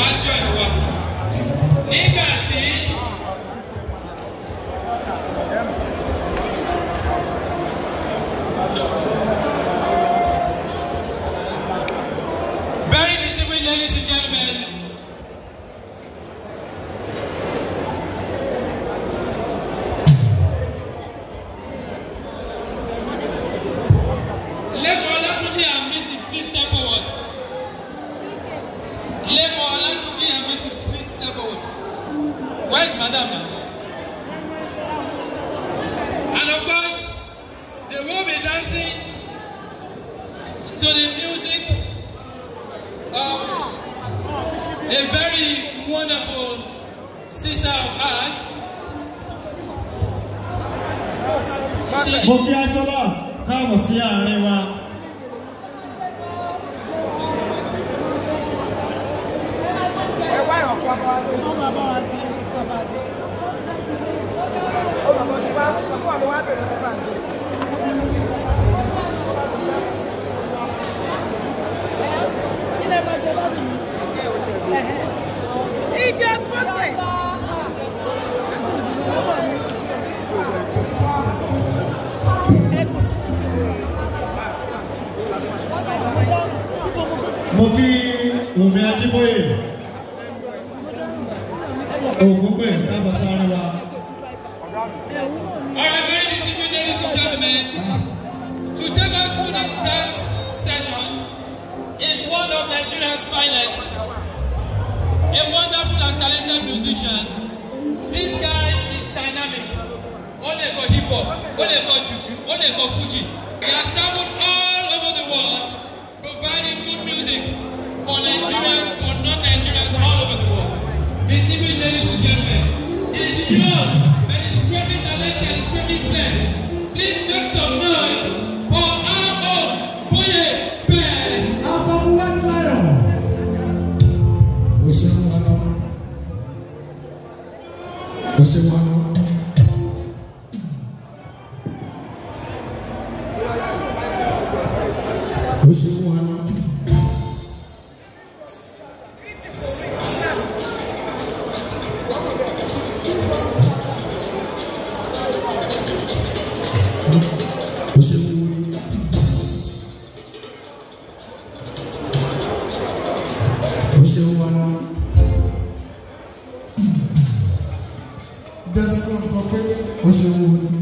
máa jọ ìwà nígbà mo kí aṣọ́lá káàbọ̀ sí àárín wa. mo kí Wùmí Adébóyè ògúngbè lábàṣá àríwá. Alright, ladies and ladies and gentlemen, to take us through this dance session is one of Nigeria's finest, a wonderful and talented musician. This guy is dynamic. Only for hip hop, Only for juju, Only for fuji. He has traveled all over the world music for Nigerians, for non-Nigerians all over the world. This evening, ladies and gentlemen, is young and is greatly talented and is greatly blessed. Please make some noise for our own Boye Best. After one lion. Wishing one. Wishing one. b e n ç ã o qualquer c o u s a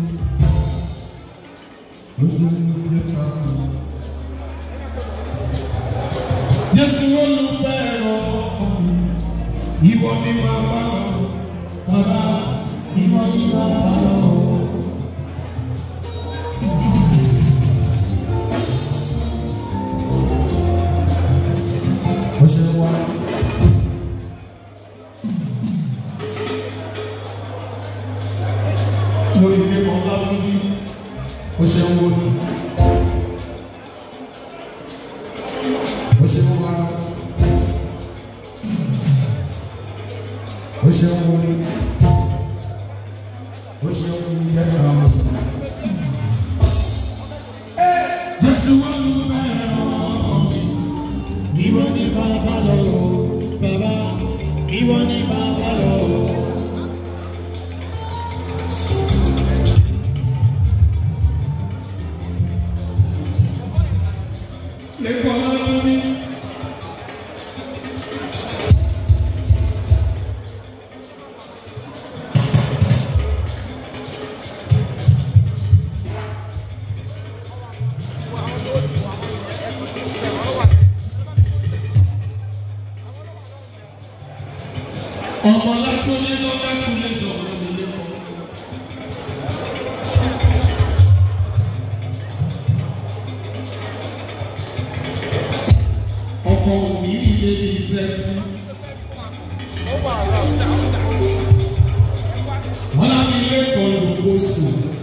Hoje eu me wọn náà ní ilé ìtọ́jú kó sùn.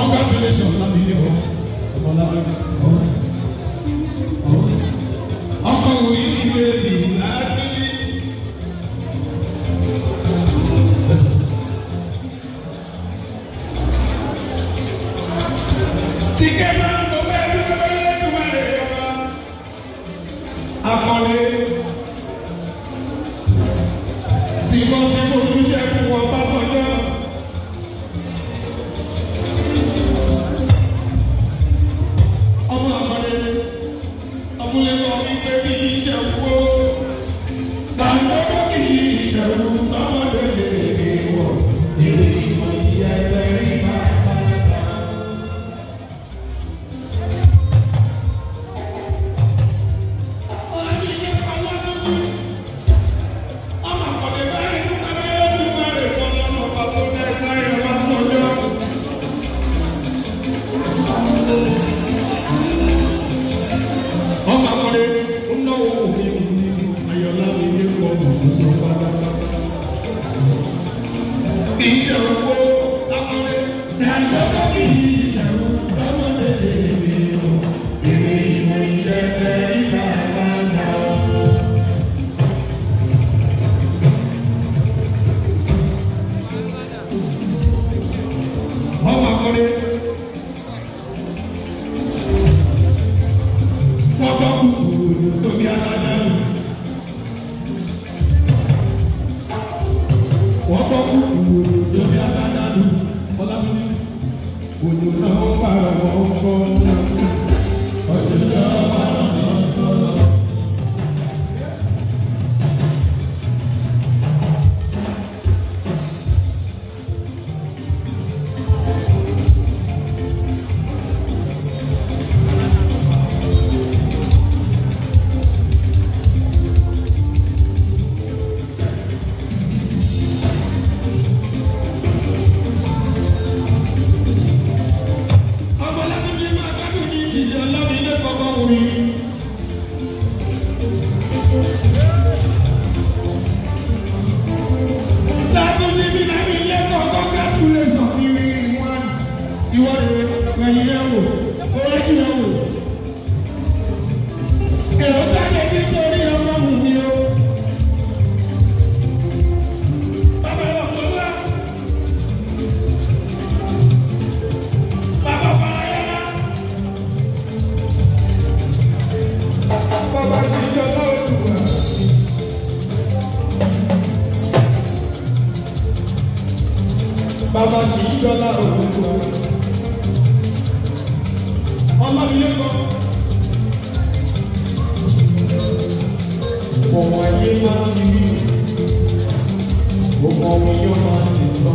Congratulations, ọkọ̀ wò yí ni bèbí láti rí. Tìkẹ́ máa ń lọ bẹ́ẹ̀ bí wọ́n yẹ kí wọ́n lè yọ wá. Akọ̀lé tí wọ́n fẹ́. ìjọba òkùnkùn ọmọ mi lẹ́kọ̀ọ́. ọmọ ayé máa ti rí ọmọ mi yóò máa ti sọ.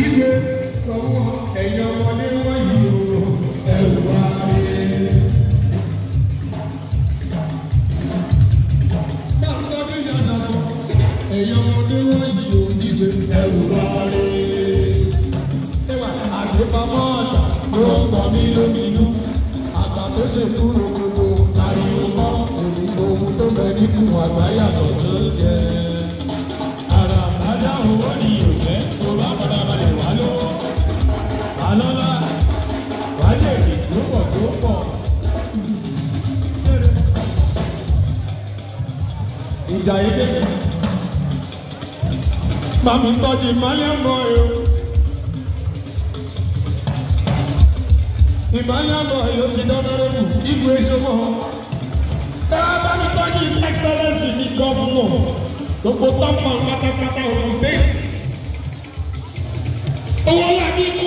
ibi sọ fún ẹ̀yin ọmọdé wọ́n ìjà èdè. Màmí tọ́jú ìmọ̀lẹ́ mọ́ ẹ o. Ìmọ̀lẹ́ mọ́ ẹ o ti dáná lóko ìlú èso mọ́. Sábà mi tọ́jú his excellence ní gọ́fúnọ̀. Gbogbo tọ́pọ̀ pátápátá Ogun State. Owó làbí kú